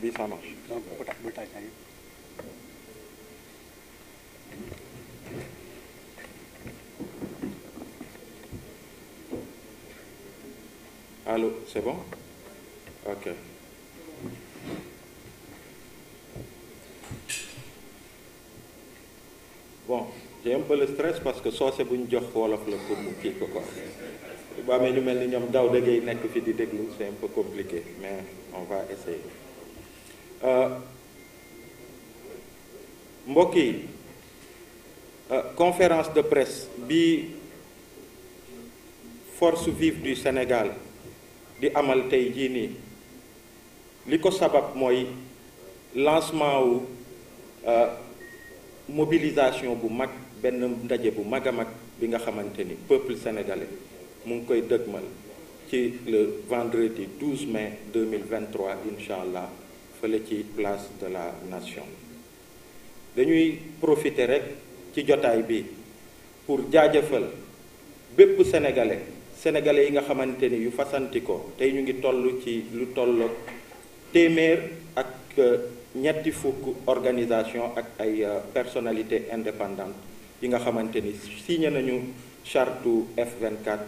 bi ça marche. donc bu tax bu tax c'est bon? OK. Bon, j'ai un peu le stress parce que soose bu jox wolof la pour mu kii ko quoi bu amee ñu mel ni ñoom daw dëggee nekk fi di déglu c'est un peu compliqué mais on va essayer. Euh, mbokk yi euh, conférence de presse bi force vive du Sénégal di amal tey jii nii li ko sabab mooy lancement wu euh, mobilisation bu mag benn ndaje bu mag a mag bi nga xamante ni peuple sénégalais mu ngi koy dëgmal ci le vendredi 12 mai 2023 incha allah. fële ci place de la nation dañuy profiter rek ci jotaay bi pour jaajëfal bépp sénégalais sénégalais yi nga xamante ni yu fasanti ko tey ñu ngi toll ci lu toll téeméer ak euh, ñetti fukk organisation ak ay euh, personnalité indépendante yi nga xamante ni signé nañu chartu F24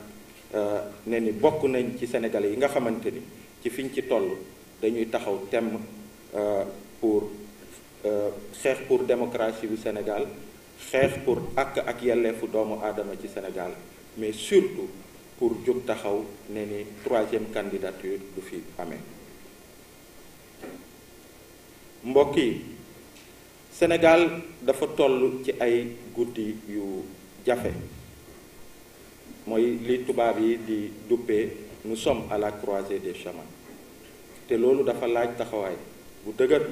euh, ne ni bokk nañ ci sénégalais yi nga xamante ni ci fiñ ci toll dañuy taxaw temm Euh, pour euh, xeex pour démocratie bu Sénégal xeex pour àq ak yelleefu doomu aadama ci Sénégal mais surtout pour jóg taxaw ne ni troisième candidature du fi amee mbokk yi senegal dafa toll ci ay guddi yu jafe mooy li tubaab yi di duppee nu sommes à la croisée des chemins te loolu dafa laaj taxawaay bu dëgër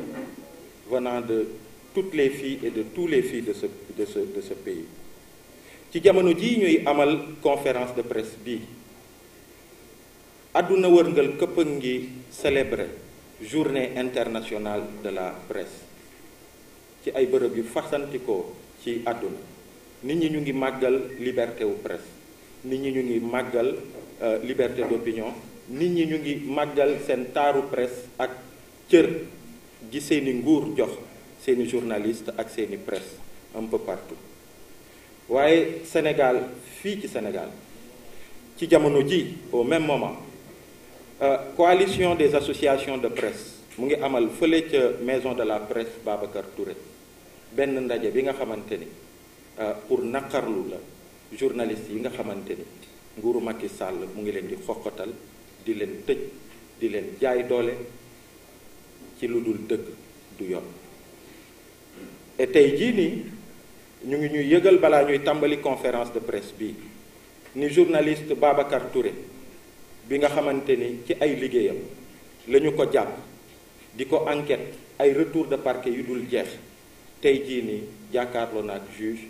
venant de toutes les filles et de tous les filles de ce de ce de ce pays ci jamono jii ñuy amal conférence de presse bi àdduna wërngal këpp a ngi célébrer journée internationale de la presse ci ay bërëb yu fasantikoo ci àdduna nit ñi ñu ngi màggal liberté wu presse nit ñi ñu ngi màggal euh, liberté d'opinion nit ñi ñu ngi màggal seen taaru presse ak cër gi seeni nguur jox seeni journaliste ak seeni press un peu partout waaye Sénégal fii ci Sénégal ci jamono ji au même moment euh, coalition des associations de presse mu ngi amal fële ca maison de la presse Babacar Touré benn ndaje bi nga xamante ni euh, pour naqarlu la journaliste yi nga xamante ni nguuru Macky sàll mu ngi leen di xoqatal di leen tëj di leen jaay doole ci lu dul dëgg du yoon tey jii nii ñu ngi ñuy yëgal balaa ñuy tàmbali conférence de presse bi ni journaliste Babacar Touré bi nga xamante ni ci ay liggéeyam lañu ko jàpp di ko enquête ay retour de parquet yu dul jeex tey jii ni jàkkaarloo na ak juge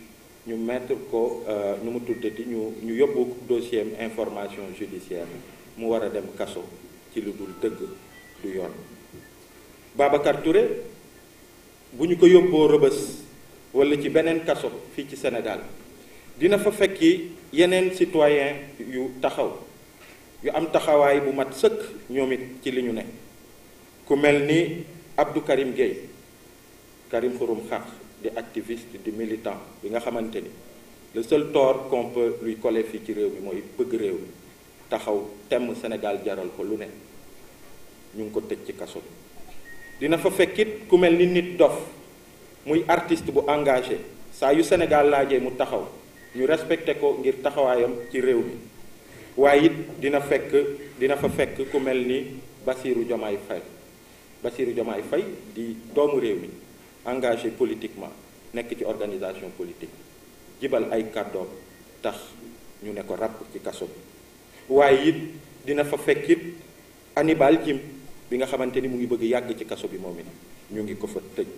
ñu mettre ko euh, nu mu tuddati ñu ñu yóbbu dossier information judiciaire mu war a dem kaso ci lu dul dëgg du yoon Babacar Touré bu ñu ko yóbboo rëbës walla ci beneen kaso fii ci Sénégal dina fa fekki yeneen citoyen yu taxaw yu am taxawaay bu mat sëkk ñoom it ci li ñu ne ku mel ni abdu Karim Gueye Karim Xurum Xaq di activiste di militant bi nga xamante ni le seul tort qu'on peut lui fii ci réew mi mooy bëgg réew mi taxaw temm senegal jaral ko lu ne ñu ngi ko tëj ci kaso bi dina fa fekkit ku mel ni nit dof muy artist bu engagé saa yu Sénégal laajee mu taxaw ñu respecté ko ngir taxawaayam ci réew mi waaye it dina fekk dina fa fekk ku mel ni Bassirou Diomaye Faye Bassirou Diomaye di doomu réew mi engagé politiquement nekk ci organisation politique jibal ay kàddoom tax ñu ne ko ràpp ci kaso bi waaye it dina fa fekkit Hannibal Djim bi nga xamante ni mu ngi bëgg yàgg ci kaso bi moom it ñu ngi ko fa tëj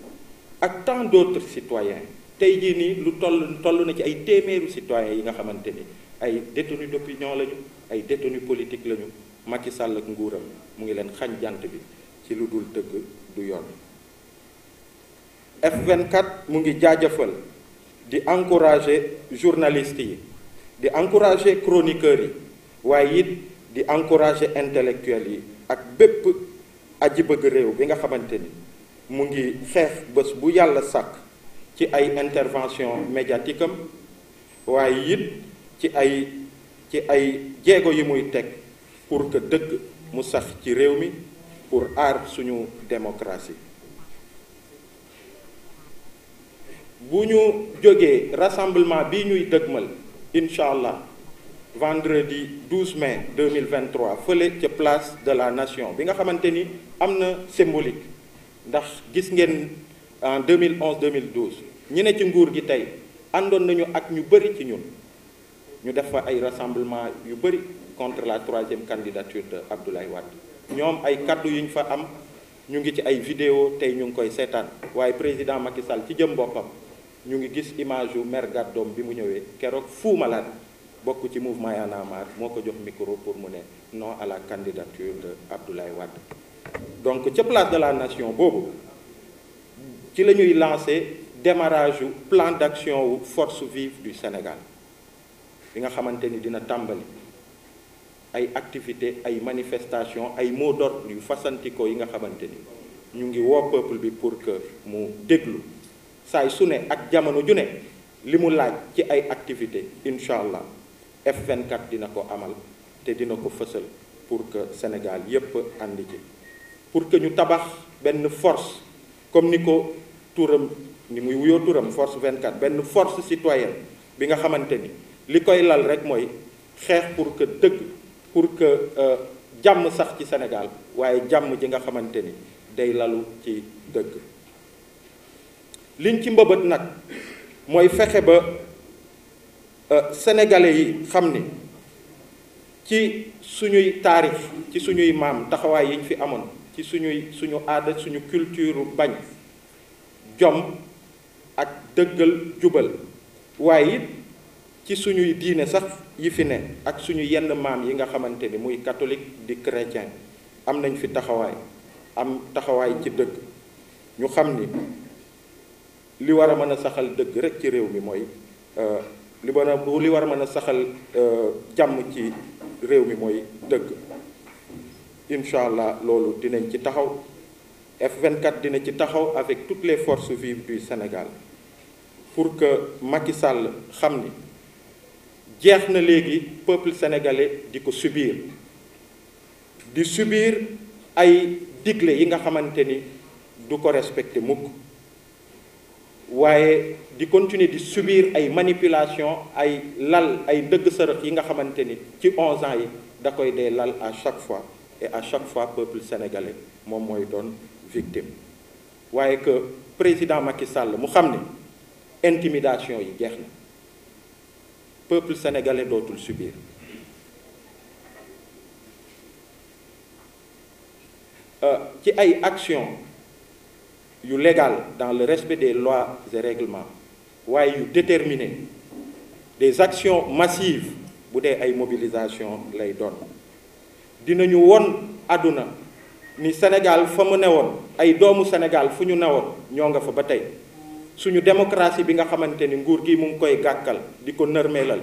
ak tant d'autres citoyens tey jii nii lu toll toll na ci ay téeméeru citoyens yi nga xamante ni ay détenus d'opinion lañu ay détenus politiques lañu Macky Sall ak nguuram mu ngi leen xañ jant bi ci lu dul tëgg du yoon F24 mu ngi jaajëfal di encourager journalistes yi di encourager chroniqueurs yi waaye it di encourager intellectuels yi ak bépp aji bëgg réew bi nga xamante ni mu ngi xeex bés bu yàlla sàkk ci ay intervention médiatique waaye it ci ay ci ay jéego yi muy teg pour que dëgg mu sax ci réew mi pour aar suñu démocratie bu ñu jógee rassemblement bi ñuy dëgmal incha allah vendredi 12 mai 2023 fële ca place de la nation bi nga xamante ni am na symbolique ndax gis ngeen en 2011 2012 ñi ne ci nguur gi tey àndoon nañu ak ñu bëri ci ñun ñu def fa ay rassemblement yu bëri contre la troisième candidature de Abdoulaye Wade ñoom ay kaddu yu ñu fa am ñu ngi ci ay vidéo tey ñu ngi koy seetaan waaye président Macky Sall ci jëm boppam ñu ngi gis image yu maire Gaddoom bi mu ñëwee keroog Fou Malade bokk ci mouvement Y en a moo ko jox micro pour mu ne non à la candidature de Abdoulaye Wade donc ca place de la nation boobu ci la ñuy lancé démarrage wu plan d'action wu force vive du Sénégal bi nga xamante ni dina tàmbali ay activité ay manifestation ay mot d'ordre yu fasantikoo yi nga xamante ni ñu ngi woo peuple bi pour que mu déglu saay su ne ak jamono ju ne li mu laaj ci ay activité incha allah F24 dina ko amal te dina ko fësal pour que Sénégal yépp ànd ci pour que ñu tabax benn force comme ni ko turam ni muy wuyoo turam force 24 benn force citoyenne bi nga xamante ni li koy lal rek mooy xeex pour que dëgg pour que euh, jàmm sax ci Sénégal waaye jàmm ji nga xamante ni day lalu ci dëgg liñ ci mbëbët nag mooy fexe ba Euh, sénégalais yi xam ni ci suñuy taarix ci suñuy maam taxawaay yi ñu fi amoon ci suñuy suñu aada suñu culture bañ jom ak dëggal jubal waaye it ci suñuy diine sax yi fi ne ak suñu yenn maam yi nga xamante ni muy katolik di chrétien am nañ fi taxawaay am taxawaay ci dëgg ñu xam ni li war a mën a saxal dëgg rek ci réew mi mooy euh, li war a li war a mën a saxal euh, jàmm ci réew mi mooy dëgg incha allah loolu dinañ ci taxaw F24 dina ci taxaw avec toutes les forces vives du Sénégal pour que Macky xam ni jeex na léegi peuple sénégalais di ko subiir di subiir ay digle yi nga xamante ni du ko respecté mukk waaye di continuer di subir ay manipulation ay lal ay ndëgg sërëx yi nga xamante ni ci onze ans yi da koy dee lal à chaque fois et à chaque fois peuple sénégalais moom mooy doon victime waaye que président Macky sàll mu xam ne intimidation yi jeex na peuple sénégalais dootul subir euh, ci ay action yu légal dans le respect des lois et règlements waaye yu déterminé des actions massives bu dee ay mobilisation lay doon dina ñu won àdduna ni Sénégal fa mu newoon ay doomu Sénégal fu ñu newoon ñoo nga fa ba tey suñu démocratie bi nga xamante ni nguur gi mu ngi koy gàkkal di ko nërmeelal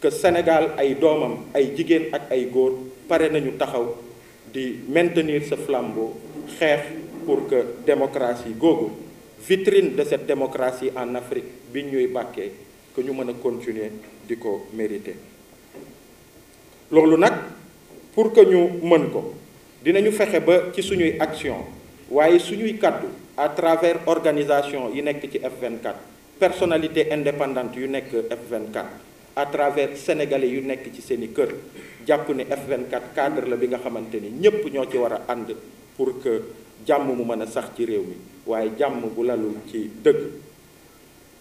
que Sénégal ay doomam ay jigéen ak ay góor pare nañu taxaw di maintenir ce flambeau xeex pour que démocratie googu vitrine de cette démocratie en Afrique bi ñuy bàkkee que ñu mën a continuer di ko mériter loolu nag pour que ñu mën ko dinañu fexe ba ci suñuy action waaye suñuy kàddu à travers organisation yi nekk ci F24 personnalité indépendante yu nekk F24 à travers sénégalais yu nekk ci seen i kër jàpp ne F24 cadre la bi nga xamante ni ñépp ñoo ci war a ànd pour que jàmm mu mën a sax ci réew mi waaye jàmm bu lalul ci dëgg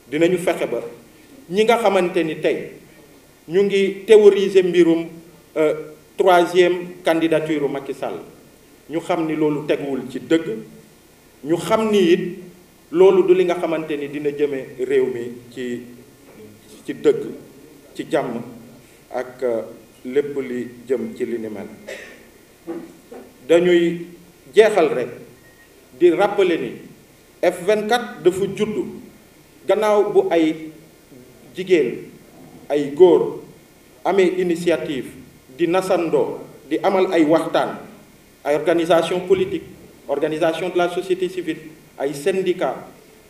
dinañu fexe ba ñi nga xamante ni tey ñu ngi théoriser mbirum euh, troisième candidature Macky Sall ñu xam ni loolu teguwul ci dëgg ñu xam ni it loolu du li nga xamante ni dina jëme réew mi ci ci dëgg ci jàmm ak euh, lépp li jëm ci li dañuy jeexal rek di rappeler ni F24 dafa judd gannaaw bu ay jigéen ay góor amee initiative di nasandoo di amal ay waxtaan ay organisation politique organisation de la société civile ay syndicat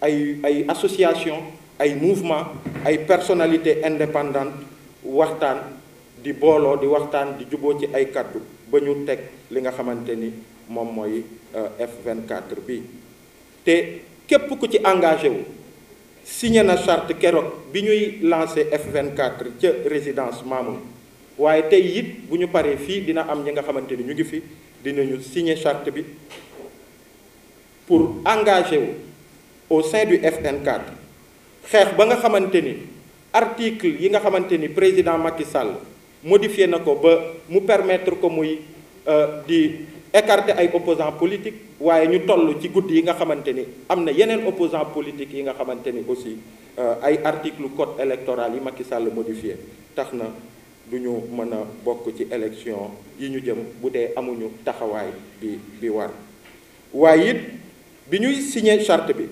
ay ay association ay mouvement ay personnalité indépendante waxtaan di booloo di waxtaan di juboo ci ay kàddu ba ñu teg li nga xamante ni moom mooy Euh, f quatre bi te képp ku ci engagé wu signé na charte keroog bi ñuy lancé F24 ca résidence Mamoun waaye tey it bu ñu paree fii dina am ñi nga xamante ni ñu ngi fi dina ñu signé charte bi pour engager wu au sein du F24 xeex ba nga xamante ni article yi nga xamante ni président Macky Sall modifié na ko ba mu permettre ko muy euh, di. écarté ay opposants politiques waaye ñu toll ci guddi yi nga xamante ni am na yeneen opposants politiques yi nga xamante ni aussi euh, ay article code électoral yi Macky Sall modifié tax na du ñu mën a bokk ci élection yi ñu jëm bu dee amuñu taxawaay bi bi war waaye it bi ñuy signé charte bi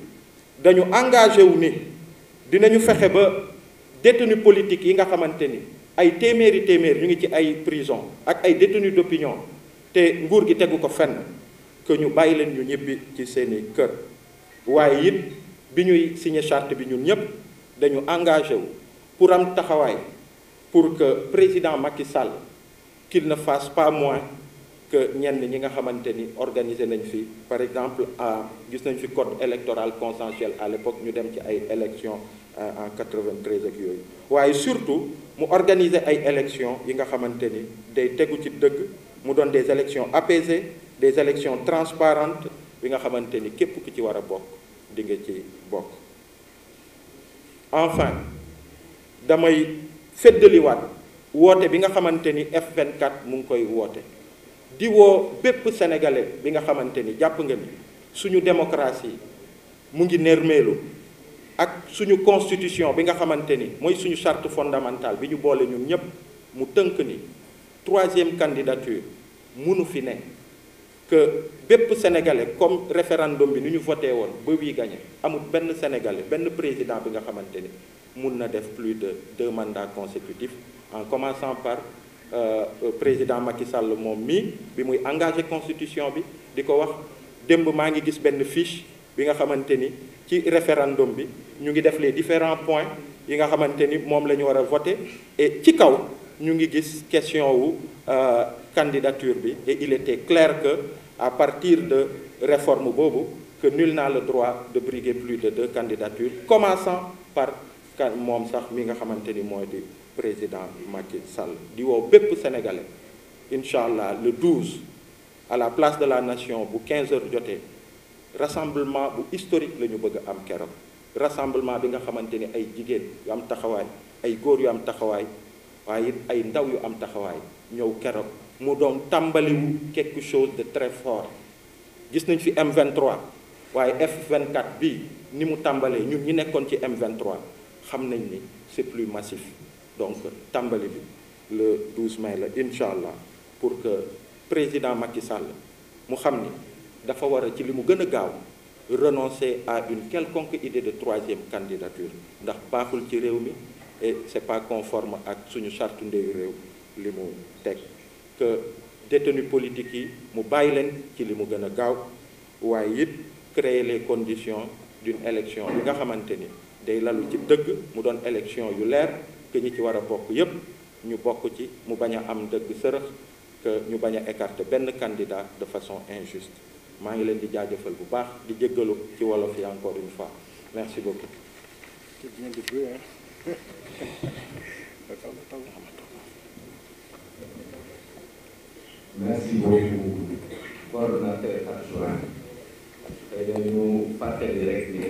dañu engagé wu ni dinañu fexe ba détenu politique yi nga xamante ni ay téeméeri téeméer ñu ngi ci ay prison ak ay détenu d'opinion te nguur gi tegu ko fenn que ñu bàyyi leen ñu ñibbi ci seeni kër waaye it bi ñuy signé chart bi ñun ñëpp dañu engagé wu pour am taxawaay pour que président Macky Sall qu'il na fasse pas moins que ñenn ñi nga xamante ni organiser nañ fi par exemple à gis nañ fi code électoral consensuel à l'époque ñu dem ci ay élections euh, en 93 ak yooyu waaye surtout mu organiser ay élections yi nga xamante ni day tegu ci dëgg. mu doon des élections apaisées des élections transparentes bi nga xamante ni képp ku ci war a bokk di nga ci bokk enfin damay feddaliwaat woote bi nga xamante ni F24 mu ngi koy woote diwoo bépp sénégalais bi nga xamante ni jàpp nga ni suñu démocratie mu ngi nermeelu ak suñu constitution bi nga xamante ni mooy suñu charte fondamentale bi ñu boole ñun ñépp mu tënk ni troisième candidature munu fi ne que bépp sénégalais comme référendum bi nu ñu voté woon ba wii gagné amul benn sénégalais benn président bi nga xamante ni mun na def plus de deux mandats consécutifs en commençant par euh, euh président Macky Sall moom mii bi muy engagé constitution bi di ko wax démb maa ngi gis benn fiche bi nga xamante ni ci référendum bi ñu ngi def les différents points yi nga xamante ni moom la ñu war a voté ci kaw. ñu ngi gis question wu euh, candidature bi et il était clair que à partir de réforme boobu que nul naa le droit de briguer plus de deux candidatures commençant par kan moom sax mi nga xamante ni mooy di président Macky Sall di wow bépp sénégalais incha allah le 12 à la place de la nation bu quinze heures jotee rassemblement bu historique la ñu bëgg am keroog rassemblement bi nga xamante ni ay jigéen yu am taxawaay ay góor yu am taxawaay waaye it ay ndaw yu am taxawaay ñëw keroog mu doon tàmbaliwu quelque chose de très fort gis nañ fi M23 waaye F24 bi ni mu tàmbalee ñu ñu nekkoon ci M23 xam nañ ni c'est plus massif donc tàmbali bi le 12 mai la incha allah pour que président Macky Sall mu xam ni dafa war a ci li mu gën a gaaw renoncer à une quelconque idée de troisième candidature ndax baaxul ci réew mi et c'est pas conforme ak suñu charte ndeyu réew li mu teg que détenus politiques yi mu bàyyi leen ci li mu gën a gaaw waaye it créer les conditions d'une élection bi nga xamante ni day lalu ci dëgg mu doon élection yu leer que ñi ci war a bokk yépp ñu bokk ci mu bañ a am dëgg sërëx que ñu bañ a écarter benn candidat de façon injuste maa ngi leen di jaajëfal bu baax di jëggalu ci wolof yi encore une fois merci beaucoup merci beaucoup coordonnateur adjoint tey dañu fàttali rek ne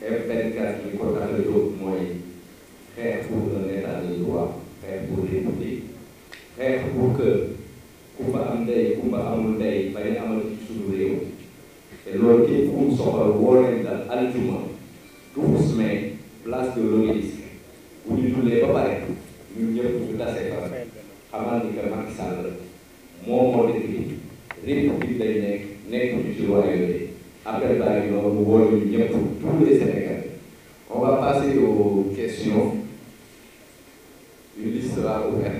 F24 li ko tax a jóg mooy xeex pour un état de droit xeex pour république xeex pour que kumba am ndey kumba amul ndey bañ a amal ci suñu réew te loolu képp ku mu soxal woo leen dal aljuma douze place de l'obélisque bu ñu jullee ba pare ñun ñëpp ñu tasee fa xamal ni que Macky Sall moo moo dëkk bi république lañ nekk nekk ñu ci loi yooyu après bàyyi noonu woo ñu ñëpp tous les Sénégalais on va passer aux questions